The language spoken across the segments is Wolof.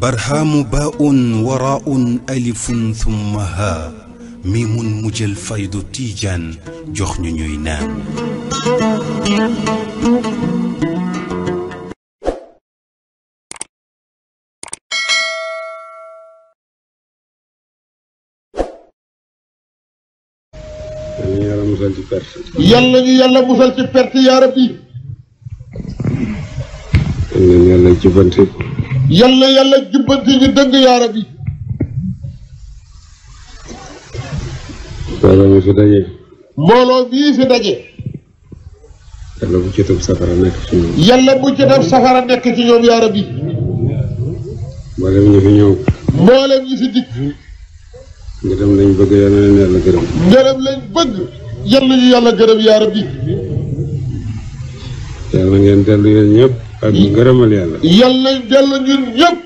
برهام باء وراء ألف ثم ها ميم مجل فيض تيجان جخن نوينا يلا يلا بوصل تي بيرتي يا ربي يلا يلا تي yàlla yàlla jubbanti ñu dëng yaara bi. mbooloo mi fi daje. mbooloo mii fi daje. yàlla bu ci tab safara nekk ci ñoom. yàlla bu ci tab safara nekk ci ñoom yaara bi. mboolem ñu fi ñëw. mboolem ñu fi dikk. ngërëm lañ bëgg yàlla leen yàlla gërëm. ngërëm lañ bëgg yàlla ñu yàlla gërëm yaara bi. yàlla ngeen dellu yéen ñëpp. ak ngërëmal yàlla. yàlla yàlla ñun ñëpp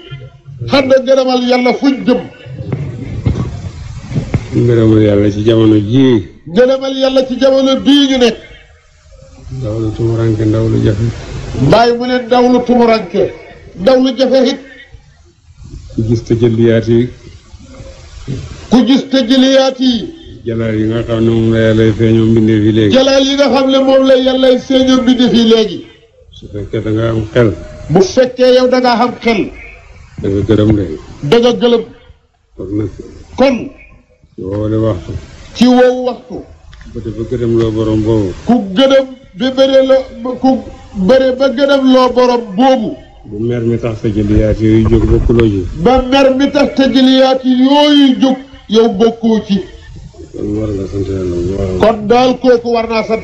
xam ne ngërëmal yàlla fuñ jëm. ngërëmal yàlla ci jamono jii. ngërëmal yàlla ci jamono bii ñu nekk. ndaw lu tumuranke ndaw lu jafe. bàyyi mu ne ndaw lu tumuranke ndaw hit. jafe it. ku gis te jëliyaat yi. ku gis te jëliyaat yi. jalaal yi nga xam ne moom la yàlla feeñoo mbindeef yi yi nga xam ne la yàlla feeñoo mbindeef su fekkee da nga am xel. bu fekkee yow da xam xel. da nga gërëm leen. da nga gëlëm. kon nag. kon. ci woowu waxtu. ba te ba gërëm loo borom boobu. bu mer mi tax tëjëliyaat yooyu jóg bokkuloo ji. ci. kon war nga sant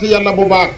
yàlla bu yàlla bu baax.